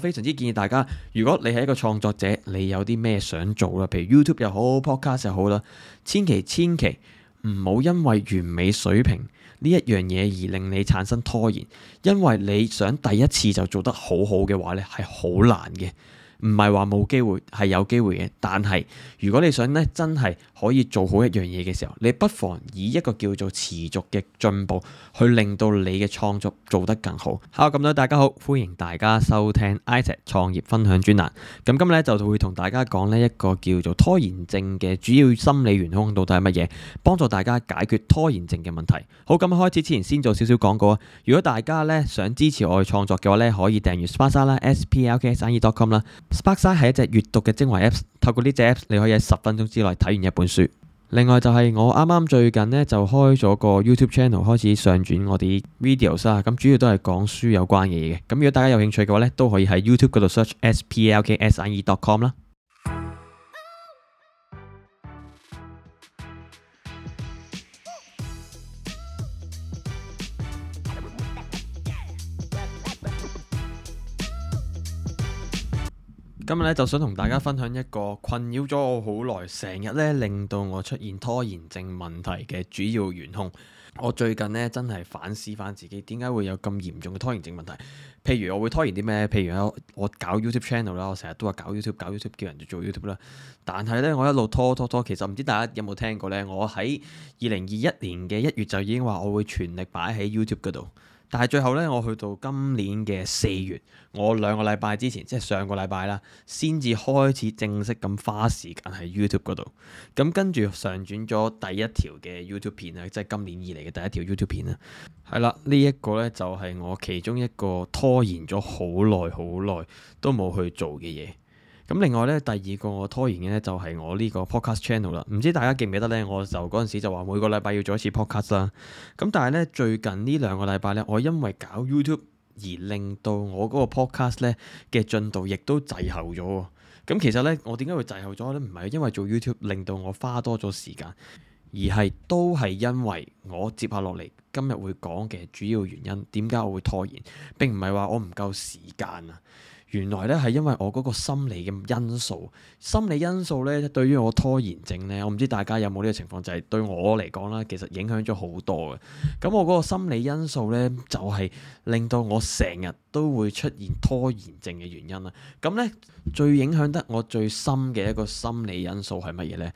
非常之建議大家，如果你係一個創作者，你有啲咩想做啦？譬如 YouTube 又好，Podcast 又好啦，千祈千祈唔好因為完美水平呢一樣嘢而令你產生拖延，因為你想第一次就做得好好嘅話呢，係好難嘅。唔係話冇機會，係有機會嘅，但係如果你想咧，真係可以做好一樣嘢嘅時候，你不妨以一個叫做持續嘅進步去令到你嘅創作做得更好。Hello，咁多位，大家好，歡迎大家收聽 Isaac 創業分享專欄。咁今日咧，就會同大家講呢一個叫做拖延症嘅主要心理元兇到底係乜嘢，幫助大家解決拖延症嘅問題。好咁，開始之前先做少少廣告啊！如果大家咧想支持我嘅創作嘅話咧，可以訂閱 Spasa 啦，splk 生意 .com 啦。Com, s p a r k s i 係一隻閱讀嘅精華 apps，透過呢隻 apps，你可以喺十分鐘之內睇完一本書。另外就係我啱啱最近呢，就開咗個 YouTube channel，開始上傳我啲 videos 啊，咁主要都係講書有關嘅嘢嘅。咁如果大家有興趣嘅話呢，都可以喺 YouTube 嗰度 search S P、a、L K S I E dot com 啦。今日咧就想同大家分享一個困擾咗我好耐，成日咧令到我出現拖延症問題嘅主要元兇。我最近咧真係反思翻自己，點解會有咁嚴重嘅拖延症問題？譬如我會拖延啲咩？譬如我搞 YouTube channel 啦，我成日都話搞 YouTube，搞 YouTube 叫人哋做 YouTube 啦。但係咧我一路拖拖拖，拖，其實唔知大家有冇聽過呢？我喺二零二一年嘅一月就已經話我會全力擺喺 YouTube 度。但係最後咧，我去到今年嘅四月，我兩個禮拜之前，即係上個禮拜啦，先至開始正式咁花時間喺 YouTube 嗰度。咁跟住上轉咗第一條嘅 YouTube 片啊，即係今年以嚟嘅第一條 YouTube 片啊，係啦，這個、呢一個咧就係、是、我其中一個拖延咗好耐好耐都冇去做嘅嘢。咁另外呢，第二個我拖延嘅呢，就係我呢個 podcast channel 啦。唔知大家記唔記得呢？我就嗰陣時就話每個禮拜要做一次 podcast 啦。咁但係呢，最近呢兩個禮拜呢，我因為搞 YouTube 而令到我嗰個 podcast 呢嘅進度亦都滯後咗。咁其實呢，我點解會滯後咗呢？唔係因為做 YouTube 令到我花多咗時間，而係都係因為我接下落嚟今日會講嘅主要原因。點解我會拖延？並唔係話我唔夠時間啊。原來咧係因為我嗰個心理嘅因素，心理因素咧對於我拖延症咧，我唔知大家有冇呢個情況？就係對我嚟講啦，其實影響咗好多嘅。咁我嗰個心理因素咧，就係令到我成日都會出現拖延症嘅原因啦。咁咧，最影響得我最深嘅一個心理因素係乜嘢咧？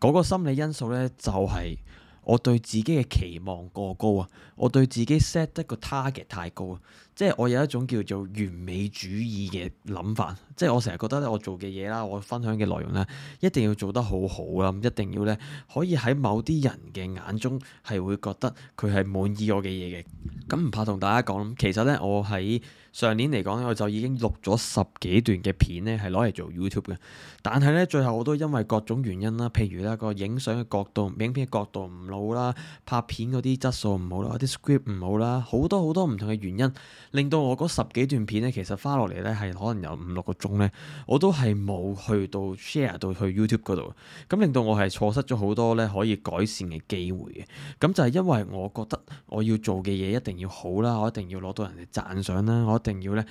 嗰個心理因素咧就係。我對自己嘅期望過高啊！我對自己 set 得個 target 太高啊！即係我有一種叫做完美主義嘅諗法，即係我成日覺得咧，我做嘅嘢啦，我分享嘅內容咧，一定要做得好好啦，咁一定要咧可以喺某啲人嘅眼中係會覺得佢係滿意我嘅嘢嘅。咁唔怕同大家講，其實咧我喺。上年嚟講咧，我就已經錄咗十幾段嘅片咧，係攞嚟做 YouTube 嘅。但係咧，最後我都因為各種原因啦，譬如咧個影相嘅角度、影片嘅角度唔好啦，拍片嗰啲質素唔好啦，啲 script 唔好啦，好多好多唔同嘅原因，令到我嗰十幾段片咧，其實花落嚟咧係可能有五六個鐘咧，我都係冇去到 share 到去 YouTube 嗰度，咁令到我係錯失咗好多咧可以改善嘅機會嘅。咁就係因為我覺得我要做嘅嘢一定要好啦，我一定要攞到人哋讚賞啦，我。一定要咧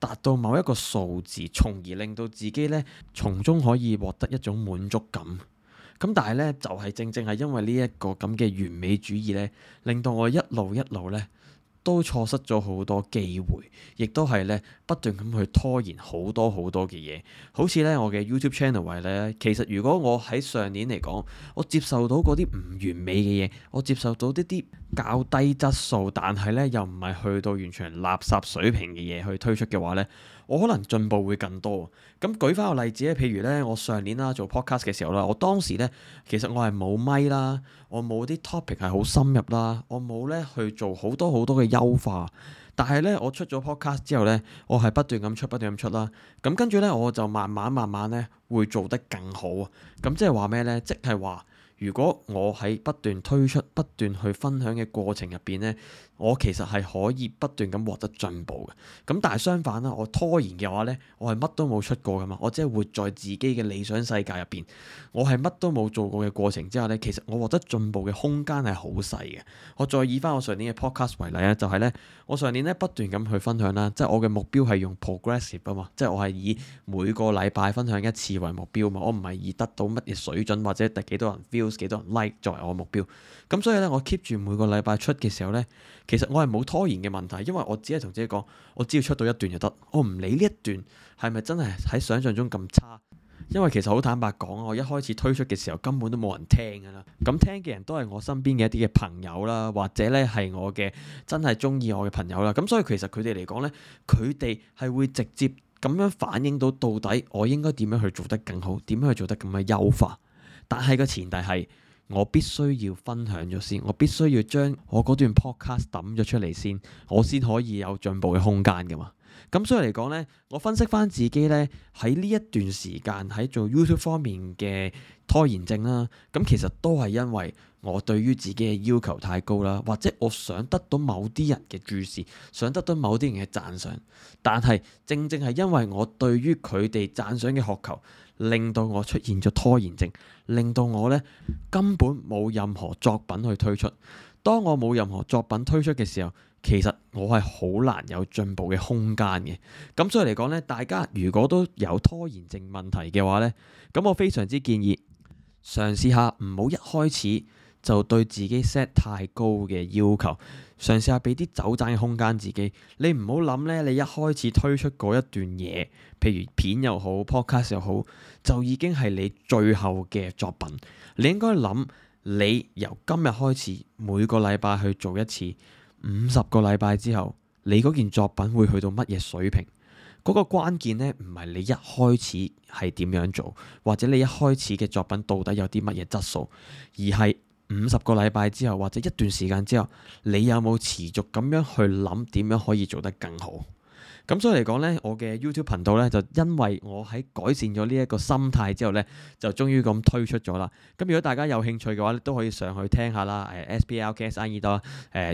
達到某一個數字，從而令到自己咧，從中可以獲得一種滿足感。咁但係咧，就係、是、正正係因為呢一個咁嘅完美主義咧，令到我一路一路咧。都錯失咗好多機會，亦都係咧不斷咁去拖延好多好多嘅嘢。好似咧我嘅 YouTube channel 係咧，其實如果我喺上年嚟講，我接受到嗰啲唔完美嘅嘢，我接受到一啲較低質素，但係咧又唔係去到完全垃圾水平嘅嘢去推出嘅話咧。我可能進步會更多，咁舉翻個例子咧，譬如咧，我上年啦做 podcast 嘅時候啦，我當時咧其實我係冇咪啦，我冇啲 topic 係好深入啦，我冇咧去做好多好多嘅優化，但係咧我出咗 podcast 之後咧，我係不斷咁出不斷咁出啦，咁跟住咧我就慢慢慢慢咧會做得更好，咁即係話咩咧？即係話。如果我喺不斷推出、不斷去分享嘅過程入邊咧，我其實係可以不斷咁獲得進步嘅。咁但係相反啦，啊，我拖延嘅話咧，我係乜都冇出過噶嘛，我只係活在自己嘅理想世界入邊，我係乜都冇做過嘅過程之下咧，其實我獲得進步嘅空間係好細嘅。我再以翻我上年嘅 podcast 為例啦，就係、是、咧，我上年咧不斷咁去分享啦，即係我嘅目標係用 progressive 啊嘛，即係我係以每個禮拜分享一次為目標嘛，我唔係以得到乜嘢水準或者得幾多人 feel。幾多 like 作為我目標，咁所以呢，我 keep 住每個禮拜出嘅時候呢，其實我係冇拖延嘅問題，因為我只係同自己講，我只要出到一段就得，我唔理呢一段係咪真係喺想象中咁差，因為其實好坦白講，我一開始推出嘅時候根本都冇人聽噶啦，咁聽嘅人都係我身邊嘅一啲嘅朋友啦，或者呢係我嘅真係中意我嘅朋友啦，咁所以其實佢哋嚟講呢，佢哋係會直接咁樣反映到到底我應該點樣去做得更好，點樣去做得咁嘅優化。但係個前提係，我必須要分享咗先，我必須要將我嗰段 podcast 抌咗出嚟先，我先可以有進步嘅空間㗎嘛。咁所以嚟講呢，我分析返自己呢喺呢一段時間喺做 YouTube 方面嘅拖延症啦。咁其實都係因為我對於自己嘅要求太高啦，或者我想得到某啲人嘅注視，想得到某啲人嘅讚賞。但係正正係因為我對於佢哋讚賞嘅渴求。令到我出現咗拖延症，令到我呢根本冇任何作品去推出。當我冇任何作品推出嘅時候，其實我係好難有進步嘅空間嘅。咁所以嚟講呢，大家如果都有拖延症問題嘅話呢，咁我非常之建議，嘗試下唔好一開始就對自己 set 太高嘅要求。嘗試下俾啲走盞嘅空間自己，你唔好諗咧。你一開始推出嗰一段嘢，譬如片又好，podcast 又好，就已經係你最後嘅作品。你應該諗，你由今日開始每個禮拜去做一次，五十個禮拜之後，你嗰件作品會去到乜嘢水平？嗰個關鍵咧，唔係你一開始係點樣做，或者你一開始嘅作品到底有啲乜嘢質素，而係，五十個禮拜之後或者一段時間之後，你有冇持續咁樣去諗點樣可以做得更好？咁所以嚟講咧，我嘅 YouTube 頻道咧，就因為我喺改善咗呢一個心態之後咧，就終於咁推出咗啦。咁如果大家有興趣嘅話，都可以上去聽下啦。誒、呃、s p l k a s t r a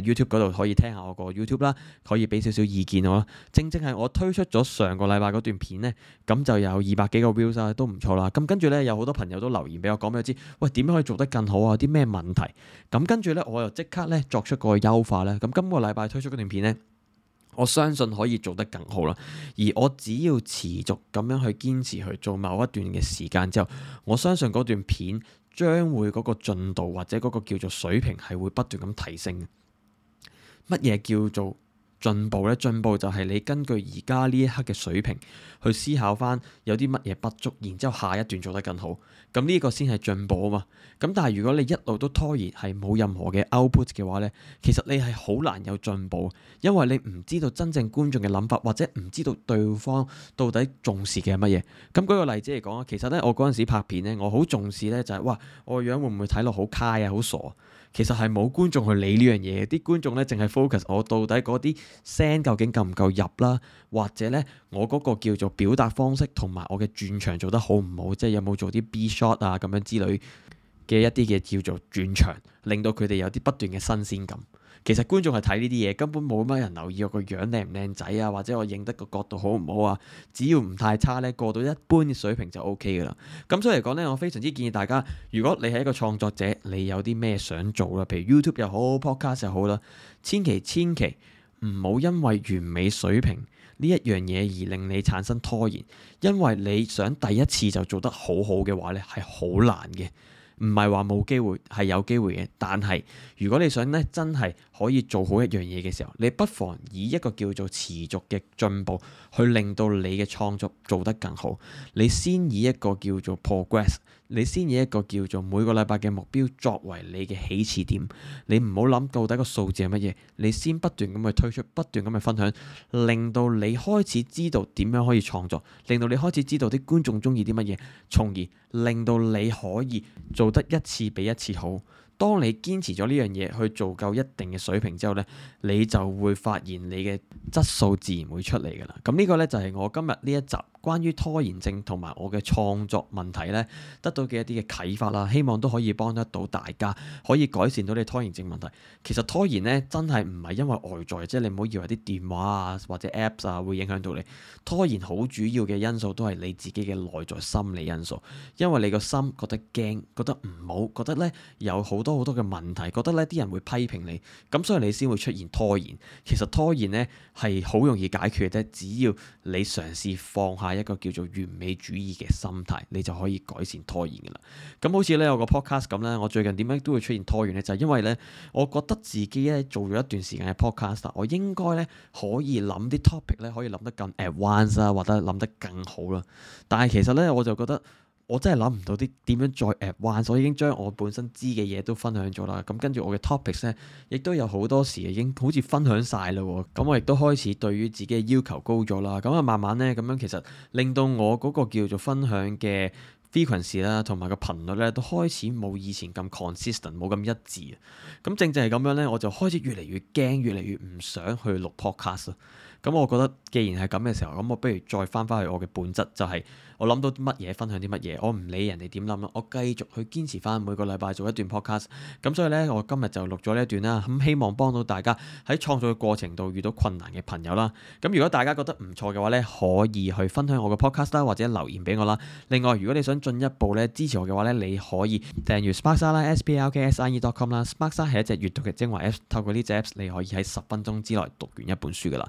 d YouTube 嗰度可以聽下我個 YouTube 啦，可以俾少少意見我啦。正正係我推出咗上個禮拜嗰段片咧，咁就有二百幾個 views 啦、啊，都唔錯啦。咁跟住咧，有好多朋友都留言俾我講俾我知，喂，點樣可以做得更好啊？啲咩問題？咁跟住咧，我又即刻咧作出個優化咧。咁今個禮拜推出嗰段片咧。我相信可以做得更好啦，而我只要持續咁樣去堅持去做某一段嘅時間之後，我相信嗰段片將會嗰個進度或者嗰個叫做水平係會不斷咁提升嘅。乜嘢叫做進步咧？進步就係你根據而家呢一刻嘅水平去思考翻有啲乜嘢不足，然之後下一段做得更好。咁呢個先係進步啊嘛！咁但係如果你一路都拖延係冇任何嘅 output 嘅話咧，其實你係好難有進步，因為你唔知道真正觀眾嘅諗法，或者唔知道對方到底重視嘅係乜嘢。咁舉個例子嚟講其實咧我嗰陣時拍片咧，我好重視咧就係哇，我個樣會唔會睇落好卡啊、好傻？其實係冇觀眾去理呢樣嘢，啲觀眾咧淨係 focus 我到底嗰啲聲究竟夠唔夠入啦，或者咧我嗰個叫做表達方式同埋我嘅轉場做得好唔好，即係有冇做啲 B shot。d 啊，咁樣之類嘅一啲嘅叫做轉場，令到佢哋有啲不斷嘅新鮮感。其實觀眾係睇呢啲嘢，根本冇乜人留意我個樣靚唔靚仔啊，或者我影得個角度好唔好啊。只要唔太差呢，過到一般嘅水平就 OK 噶啦。咁所以嚟講呢，我非常之建議大家，如果你係一個創作者，你有啲咩想做啦，譬如 YouTube 又好，Podcast 又好啦，千祈千祈唔好因為完美水平呢一樣嘢而令你產生拖延，因為你想第一次就做得好好嘅話咧，係好難嘅。唔係話冇機會，係有機會嘅。但係如果你想咧真係可以做好一樣嘢嘅時候，你不妨以一個叫做持續嘅進步去令到你嘅創作做得更好。你先以一個叫做 progress。你先以一個叫做每個禮拜嘅目標作為你嘅起始點，你唔好諗到底個數字係乜嘢，你先不斷咁去推出，不斷咁去分享，令到你開始知道點樣可以創作，令到你開始知道啲觀眾中意啲乜嘢，從而令到你可以做得一次比一次好。當你堅持咗呢樣嘢去做夠一定嘅水平之後咧，你就會發現你嘅質素自然會出嚟㗎啦。咁呢個咧就係我今日呢一集。關於拖延症同埋我嘅創作問題咧，得到嘅一啲嘅啟發啦，希望都可以幫得到大家，可以改善到你拖延症問題。其實拖延咧真係唔係因為外在，即係你唔好以為啲電話啊或者 Apps 啊會影響到你。拖延好主要嘅因素都係你自己嘅內在心理因素，因為你個心覺得驚，覺得唔好，覺得咧有好多好多嘅問題，覺得咧啲人會批評你，咁所以你先會出現拖延。其實拖延咧係好容易解決啫，只要你嘗試放下一個叫做完美主義嘅心態，你就可以改善拖延嘅啦。咁好似咧有個 podcast 咁咧，我最近點解都會出現拖延咧，就係、是、因為咧，我覺得自己咧做咗一段時間嘅 podcast，我應該咧可以諗啲 topic 咧可以諗得更 at once 啊，或者諗得更好啦。但係其實咧，我就覺得。我真係諗唔到啲點樣再誒彎，所以已經將我本身知嘅嘢都分享咗啦。咁跟住我嘅 topics 咧，亦都有好多時已經好似分享晒喇喎。咁我亦都開始對於自己嘅要求高咗啦。咁啊，慢慢咧咁樣其實令到我嗰個叫做分享嘅 frequency 啦，同埋個頻率咧都開始冇以前咁 consistent，冇咁一致。咁正正係咁樣咧，我就開始越嚟越驚，越嚟越唔想去錄 podcast。咁我覺得，既然係咁嘅時候，咁我不如再翻返去我嘅本質，就係、是、我諗到乜嘢分享啲乜嘢，我唔理人哋點諗啦，我繼續去堅持翻每個禮拜做一段 podcast。咁所以呢，我今日就錄咗呢一段啦。咁希望幫到大家喺創作嘅過程度遇到困難嘅朋友啦。咁如果大家覺得唔錯嘅話呢，可以去分享我嘅 podcast 啦，或者留言俾我啦。另外，如果你想進一步咧支持我嘅話呢，你可以訂住 Spark 啦 s p l k s i e dot com 啦。Spark 係一隻閱讀嘅精華 app，s 透過呢隻 app s 你可以喺十分鐘之內讀完一本書㗎啦。